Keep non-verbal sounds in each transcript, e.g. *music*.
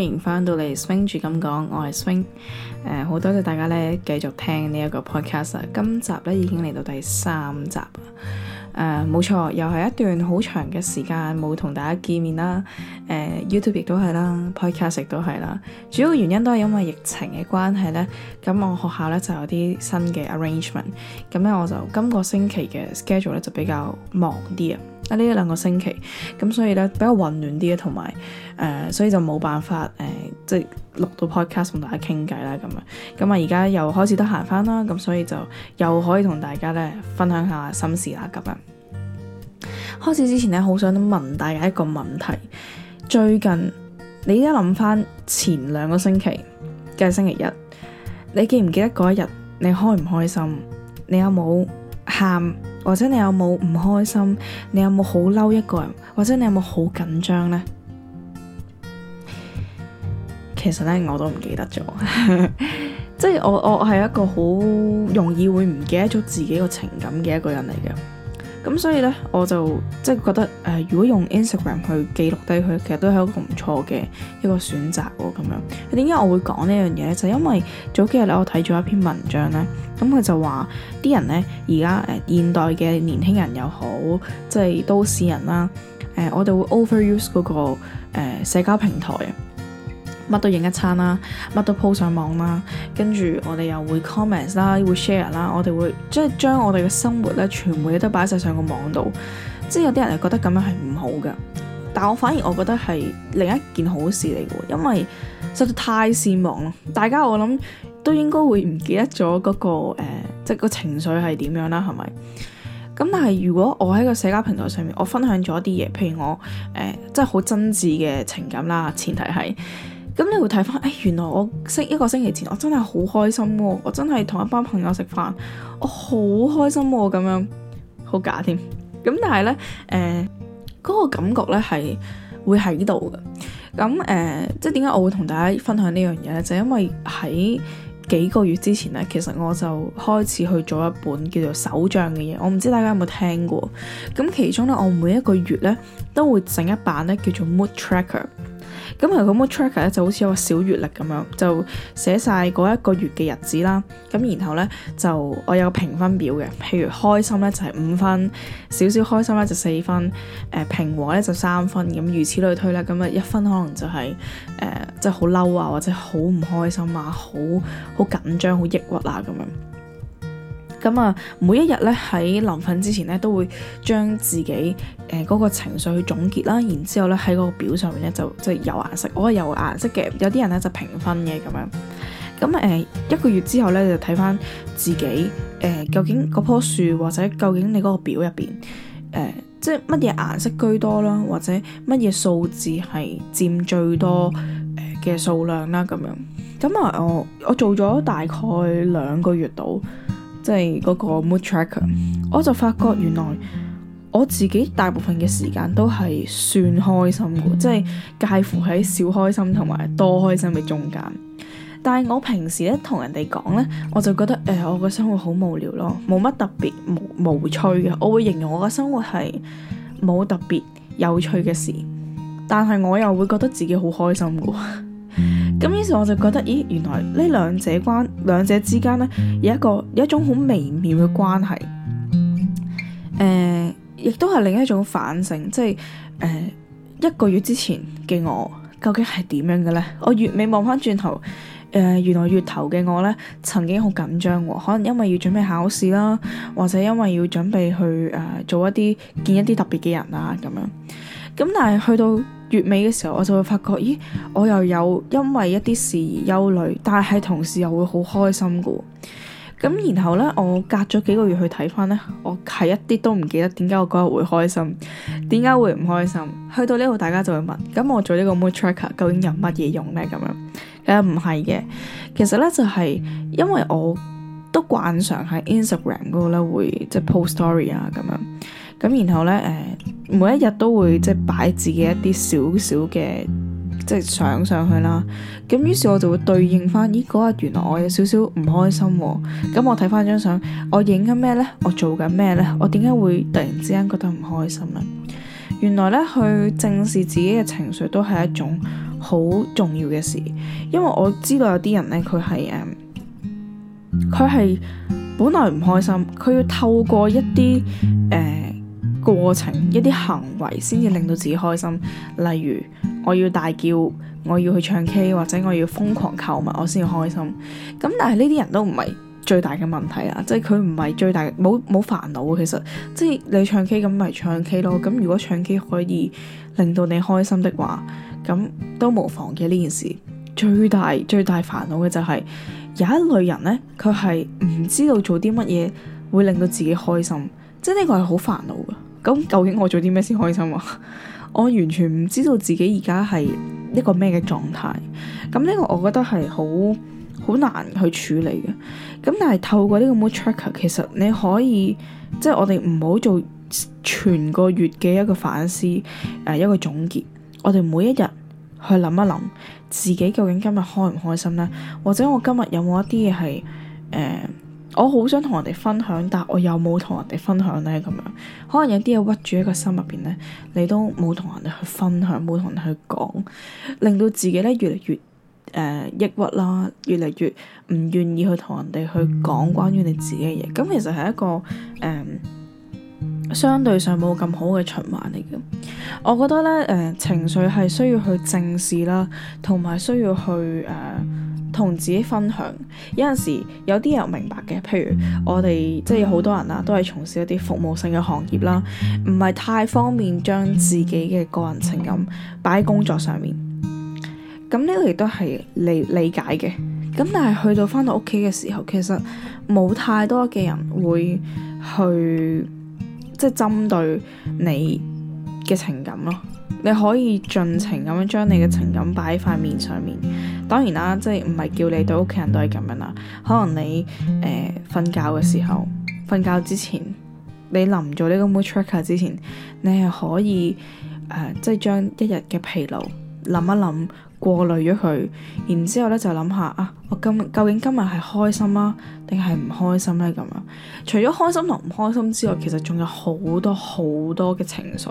歡迎翻到嚟 swing 住咁講，我係 swing，誒、呃、好多謝大家咧繼續聽呢一個 podcast 今集咧已經嚟到第三集啦，誒、呃、冇錯，又係一段好長嘅時間冇同大家見面啦，誒、呃、YouTube 亦都係啦，podcast 亦都係啦，主要原因都係因為疫情嘅關係咧，咁我學校咧就有啲新嘅 arrangement，咁咧我就今、這個星期嘅 schedule 咧就比較忙啲啊。喺呢一兩個星期，咁所以咧比較混亂啲啊，同埋誒，所以就冇辦法誒、呃，即係錄到 podcast 同大家傾偈啦，咁樣。咁啊，而家又開始得閒翻啦，咁所以就又可以同大家咧分享下心事啦，咁樣。開始之前咧，好想問大家一個問題：最近你而家諗翻前兩個星期嘅星期一，你記唔記得嗰一日你開唔開心？你有冇喊？或者你有冇唔開心？你有冇好嬲一個人？或者你有冇好緊張呢？其實咧我都唔記得咗，即 *laughs* 係我我我係一個好容易會唔記得咗自己個情感嘅一個人嚟嘅。咁所以咧，我就即係覺得誒、呃，如果用 Instagram 去記錄低佢，其實都係一個唔錯嘅一個選擇喎。咁樣，點解我會講呢樣嘢咧？就是、因為早幾日咧，我睇咗一篇文章咧，咁、嗯、佢就話啲人咧而家誒現代嘅年輕人又好，即係都市人啦、啊，誒、呃、我哋會 overuse 嗰、那個、呃、社交平台啊。乜都影一餐啦，乜都 po 上網啦，跟住我哋又會 comment 啦，會 share 啦，我哋會即係將我哋嘅生活咧，全部都擺晒上個網度，即係有啲人係覺得咁樣係唔好噶，但我反而我覺得係另一件好事嚟嘅，因為實在太善忘咯。大家我諗都應該會唔記得咗嗰個誒、呃，即係個情緒係點樣啦，係咪？咁但係如果我喺個社交平台上面，我分享咗一啲嘢，譬如我誒，即係好真摯嘅情感啦，前提係。咁你會睇翻，誒、哎、原來我識一個星期前，我真係好開心喎、啊！我真係同一班朋友食飯，我好開心喎、啊，咁樣好假添。咁 *laughs* 但係呢，誒、呃、嗰、那個感覺呢係會喺度嘅。咁誒、呃，即係點解我會同大家分享呢樣嘢呢？就是、因為喺幾個月之前呢，其實我就開始去做一本叫做手帳嘅嘢。我唔知大家有冇聽過。咁其中呢，我每一個月呢，都會整一版呢叫做 Mood Tracker。咁咁 tracker 咧就好似有個小月曆咁樣，就寫晒嗰一個月嘅日子啦。咁然後咧就我有個評分表嘅，譬如開心咧就係五分，少少開心咧就四分，誒、呃、平和咧就三分，咁如此類推啦。咁啊，一分可能就係誒即係好嬲啊，或者好唔開心啊，好好緊張、好抑鬱啊咁樣。咁啊，每一日咧喺臨瞓之前咧，都會將自己誒嗰、呃那個情緒去總結啦，然之後咧喺嗰個表上面咧就即係、就是、有顏色，我係有顏色嘅，有啲人咧就評分嘅咁樣。咁誒、啊、一個月之後咧就睇返自己誒、呃、究竟嗰棵樹或者究竟你嗰個表入邊誒即係乜嘢顏色居多啦，或者乜嘢數字係佔最多嘅、呃、數量啦咁樣。咁啊，我我做咗大概兩個月度。即係嗰個 mood tracker，我就發覺原來我自己大部分嘅時間都係算開心嘅，即係介乎喺少開心同埋多開心嘅中間。但係我平時咧同人哋講呢，我就覺得誒、呃，我嘅生活好無聊咯，冇乜特別無無趣嘅，我會形容我嘅生活係冇特別有趣嘅事，但係我又會覺得自己好開心嘅。咁於是我就覺得，咦，原來呢兩者關，兩者之間咧，有一個有一種好微妙嘅關係。誒、呃，亦都係另一種反省，即係誒、呃、一個月之前嘅我，究竟係點樣嘅咧？我月尾望翻轉頭，誒、呃，原來月頭嘅我咧，曾經好緊張喎，可能因為要準備考試啦，或者因為要準備去誒、呃、做一啲見一啲特別嘅人啊，咁樣。咁但係去到月尾嘅時候，我就會發覺，咦，我又有因為一啲事而憂慮，但係同事又會好開心噶。咁然後呢，我隔咗幾個月去睇翻呢，我係一啲都唔記得點解我嗰日會開心，點解會唔開心。去到呢度，大家就會問，咁我做呢個 mood tracker 究竟有乜嘢用呢？咁樣，誒唔係嘅，其實呢，就係因為我都慣常喺 Instagram 嗰度咧會即係 post story 啊咁樣，咁然後呢。誒、呃。每一日都會即係擺自己一啲少少嘅即係相上去啦，咁於是我就會對應翻，咦嗰日原來我有少少唔開心，啊，咁我睇翻張相，我影緊咩呢？我做緊咩呢？我點解會突然之間覺得唔開心呢？原來呢，去正視自己嘅情緒都係一種好重要嘅事，因為我知道有啲人呢，佢係誒，佢、嗯、係本來唔開心，佢要透過一啲誒。嗯過程一啲行為先至令到自己開心，例如我要大叫，我要去唱 K，或者我要瘋狂購物，我先要開心。咁但係呢啲人都唔係最大嘅問題啊，即係佢唔係最大，冇冇煩惱。其實即係你唱 K 咁咪唱 K 咯，咁如果唱 K 可以令到你開心嘅話，咁都無妨嘅呢件事。最大最大煩惱嘅就係有一類人呢，佢係唔知道做啲乜嘢會令到自己開心，即係呢個係好煩惱嘅。咁究竟我做啲咩先開心啊？ *laughs* 我完全唔知道自己而家係一個咩嘅狀態，咁呢個我覺得係好好難去處理嘅。咁但係透過呢個 mood tracker，其實你可以即係、就是、我哋唔好做全個月嘅一個反思，誒、呃、一個總結。我哋每一日去諗一諗自己究竟今日開唔開心呢？或者我今日有冇一啲嘢係誒。呃我好想同人哋分享，但我又冇同人哋分享呢。咁樣可能有啲嘢屈住喺個心入邊呢，你都冇同人哋去分享，冇同人哋去講，令到自己咧越嚟越誒抑鬱啦，越嚟越唔願意去同人哋去講關於你自己嘅嘢。咁其實係一個誒、呃、相對上冇咁好嘅循環嚟嘅。我覺得咧，誒、呃、情緒係需要去正視啦，同埋需要去誒。呃同自己分享，有陣時有啲人明白嘅，譬如我哋即係好多人啦，都係從事一啲服務性嘅行業啦，唔係太方便將自己嘅個人情感擺喺工作上面。咁呢個亦都係理理解嘅。咁但係去到翻到屋企嘅時候，其實冇太多嘅人會去即係、就是、針對你嘅情感咯。你可以盡情咁樣將你嘅情感擺喺塊面上面。當然啦，即係唔係叫你對屋企人都係咁樣啦。可能你誒瞓、呃、覺嘅時候，瞓覺之前，你臨做呢個 mood tracker 之前，你係可以誒、呃，即係將一日嘅疲勞諗一諗，過濾咗佢，然之後咧就諗下啊，我今究竟今日係開心啊，定係唔開心咧咁樣？除咗開心同唔開心之外，其實仲有好多好多嘅情緒誒、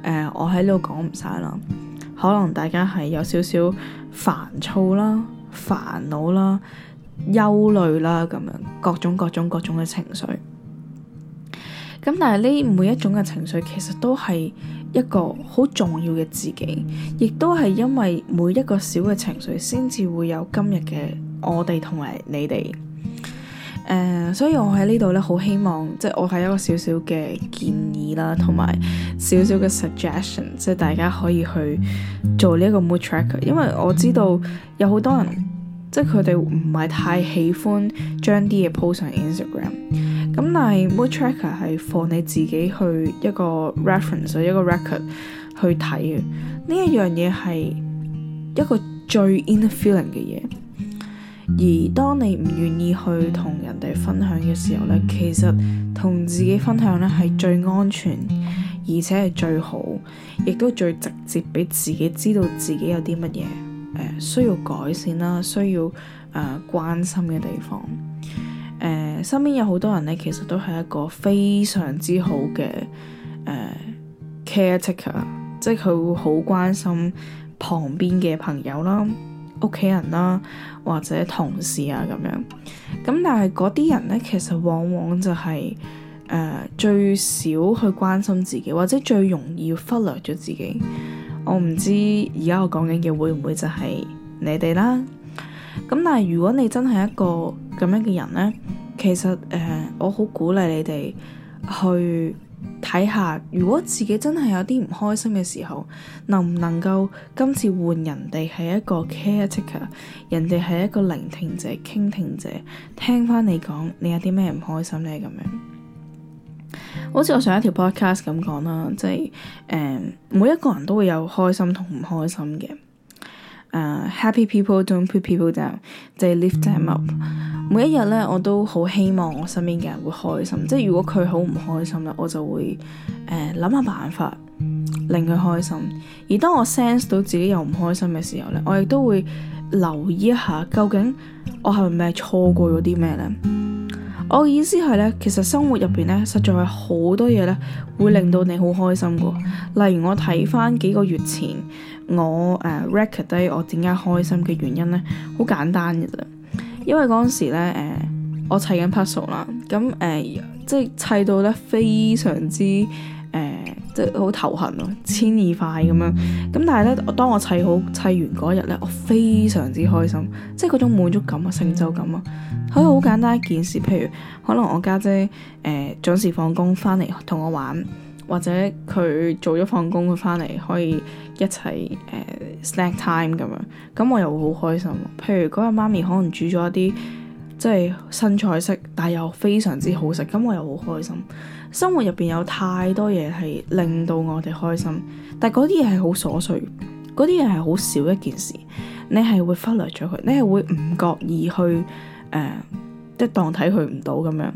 呃，我喺呢度講唔晒啦。可能大家係有少少煩躁啦、煩惱啦、憂慮啦，咁樣各種各種各種嘅情緒。咁但係呢每一種嘅情緒其實都係一個好重要嘅自己，亦都係因為每一個小嘅情緒先至會有今日嘅我哋同埋你哋。誒，uh，所以我喺呢度咧，好希望即係我係一個少少嘅建議啦，同埋少少嘅 suggestion，即係大家可以去做呢一個 mood tracker，因為我知道有好多人即係佢哋唔係太喜歡將啲嘢 post 上 Instagram。咁但係 mood tracker 係放你自己去一個 reference 一個 record 去睇嘅，呢一樣嘢係一個最 inner feeling 嘅嘢。而當你唔願意去同人哋分享嘅時候咧，其實同自己分享咧係最安全，而且係最好，亦都最直接俾自己知道自己有啲乜嘢誒需要改善啦，需要誒、呃、關心嘅地方。誒、呃、身邊有好多人咧，其實都係一個非常之好嘅誒、呃、care taker，即係佢會好關心旁邊嘅朋友啦。屋企人啦，或者同事啊咁樣，咁但係嗰啲人呢，其實往往就係、是、誒、呃、最少去關心自己，或者最容易忽略咗自己。我唔知而家我講緊嘅會唔會就係你哋啦。咁但係如果你真係一個咁樣嘅人呢，其實誒、呃，我好鼓勵你哋去。睇下，如果自己真係有啲唔開心嘅時候，能唔能夠今次換人哋係一個 care taker，人哋係一個聆聽者、傾聽者，聽翻你講你有啲咩唔開心呢？咁樣。好似我上一條 podcast 咁講啦，即係誒，uh, 每一個人都會有開心同唔開心嘅。誒、uh, happy people don't put people down，they lift them up。每一日咧，我都好希望我身邊嘅人會開心。即係如果佢好唔開心咧，我就會誒諗下辦法令佢開心。而當我 sense 到自己又唔開心嘅時候咧，我亦都會留意一下究竟我係咪咩錯過咗啲咩咧？我嘅意思係咧，其實生活入邊咧，實在係好多嘢咧，會令到你好開心噶。例如我睇翻幾個月前我誒、uh, record 低我點解開心嘅原因咧，好簡單嘅啫。因為嗰陣時咧誒，uh, 我砌緊 puzzle 啦，咁誒、uh, 即係砌到咧非常之～誒、呃，即係好頭痕咯，千二塊咁樣。咁但係咧，當我砌好砌完嗰日咧，我非常之開心，即係嗰種滿足感啊、成就感啊。可以好簡單一件事，譬如可能我家姐誒、呃、準時放工翻嚟同我玩，或者佢做咗放工佢翻嚟可以一齊誒、呃、snack time 咁樣，咁我又會好開心。譬如嗰日媽咪可能煮咗一啲即係新菜式，但係又非常之好食，咁我又好開心。生活入邊有太多嘢係令到我哋開心，但嗰啲嘢係好瑣碎，嗰啲嘢係好少一件事，你係會忽略咗佢，你係會唔覺意去誒，即、呃、當睇佢唔到咁樣，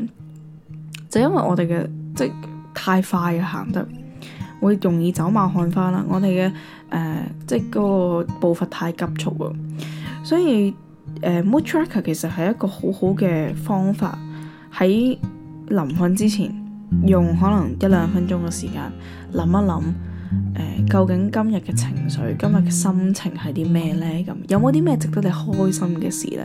就因為我哋嘅即太快嘅行得，會容易走馬看花啦。我哋嘅誒，即嗰個步伐太急促啊，所以誒、呃、，mood tracker 其實係一個好好嘅方法喺臨瞓之前。用可能一兩分鐘嘅時間諗一諗，呃，究竟今日嘅情緒、今日嘅心情係啲咩呢？咁有冇啲咩值得你開心嘅事呢？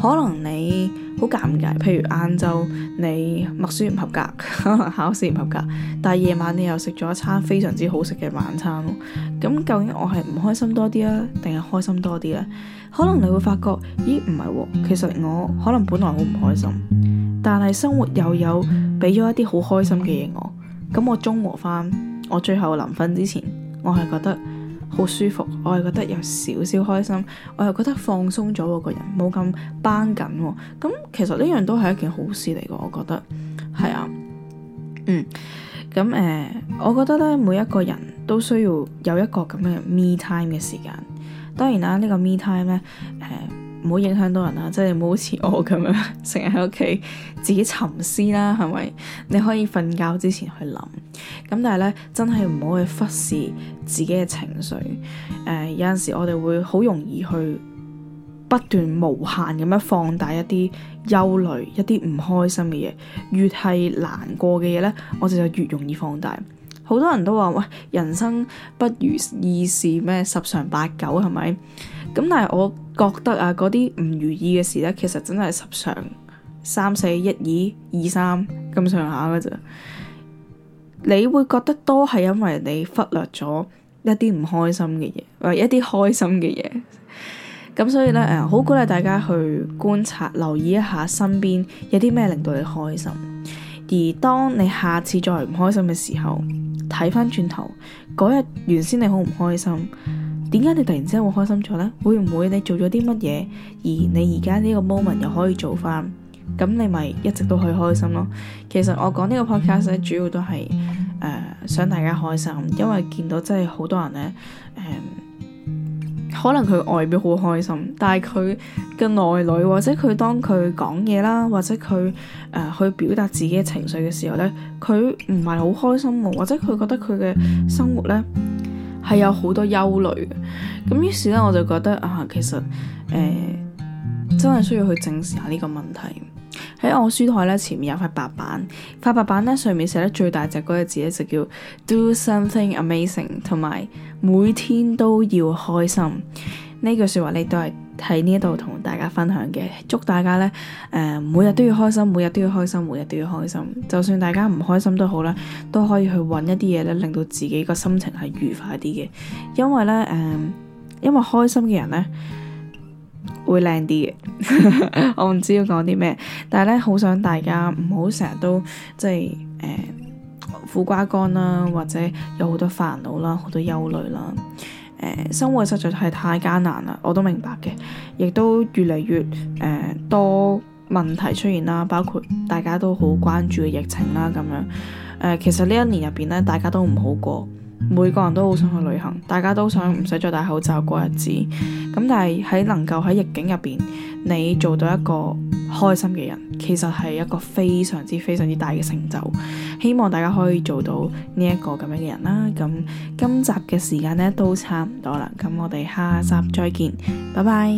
可能你好尷尬，譬如晏晝你默書唔合格，可能考試唔合格，但係夜晚你又食咗一餐非常之好食嘅晚餐咯。咁究竟我係唔開心多啲啊，定係開心多啲呢？可能你會發覺，咦，唔係喎，其實我可能本來好唔開心。但係生活又有俾咗一啲好開心嘅嘢我，咁我中和翻，我最後臨瞓之前，我係覺得好舒服，我係覺得有少少開心，我又覺得放鬆咗我個人，冇咁繃緊，咁其實呢樣都係一件好事嚟噶，我覺得係啊，嗯，咁誒、嗯呃，我覺得咧每一個人都需要有一個咁嘅 me time 嘅時間，當然啦、啊，呢、這個 me time 咧，誒、呃。唔好影響到人啊！即係唔好好似我咁樣，成日喺屋企自己沉思啦，係咪？你可以瞓覺之前去諗。咁但係咧，真係唔好去忽視自己嘅情緒。誒、呃，有陣時我哋會好容易去不斷無限咁樣放大一啲憂慮、一啲唔開心嘅嘢。越係難過嘅嘢咧，我哋就越容易放大。好多人都話：「喂，人生不如意事咩十常八九，係咪？咁但係我覺得啊，嗰啲唔如意嘅事呢，其實真係十常，三四一二二三咁上下嘅咋，你會覺得多係因為你忽略咗一啲唔開心嘅嘢，或者一啲開心嘅嘢。咁所以呢，誒、嗯，好、呃、鼓勵大家去觀察、嗯、留意一下身邊有啲咩令到你開心。而當你下次再唔開心嘅時候，睇翻轉頭嗰日原先你好唔開心。點解你突然之間會開心咗呢？會唔會你做咗啲乜嘢，而你而家呢個 moment 又可以做翻，咁你咪一直都可以開心咯？其實我講呢個 podcast 咧，主要都係誒、呃、想大家開心，因為見到真係好多人呢，誒、呃、可能佢外表好開心，但係佢嘅內裏或者佢當佢講嘢啦，或者佢誒去表達自己嘅情緒嘅時候呢，佢唔係好開心喎，或者佢覺得佢嘅生活呢。係有好多憂慮嘅，咁於是咧我就覺得啊，其實誒、呃、真係需要去正視下呢個問題。喺我書枱咧前面有塊白板，塊白板咧上面寫得最大隻嗰隻字咧就叫 Do something amazing，同埋每天都要開心。呢句説話你都係，喺呢度同大家分享嘅，祝大家呢誒、呃，每日都要開心，每日都要開心，每日都要開心。就算大家唔開心都好啦，都可以去揾一啲嘢呢，令到自己個心情係愉快啲嘅。因為呢，誒、呃，因為開心嘅人呢，會靚啲嘅。 *laughs* 我唔知要講啲咩，但係呢，好想大家唔好成日都即係，誒、呃，苦瓜乾啦，或者有好多煩惱啦，好多憂慮啦。呃、生活實在係太艱難啦，我都明白嘅，亦都越嚟越誒、呃、多問題出現啦，包括大家都好關注嘅疫情啦，咁樣誒、呃，其實呢一年入邊咧，大家都唔好過。每個人都好想去旅行，大家都想唔使再戴口罩過日子。咁但係喺能夠喺逆境入邊，你做到一個開心嘅人，其實係一個非常之非常之大嘅成就。希望大家可以做到呢一個咁樣嘅人啦。咁今集嘅時間呢，都差唔多啦，咁我哋下一集再見，拜拜。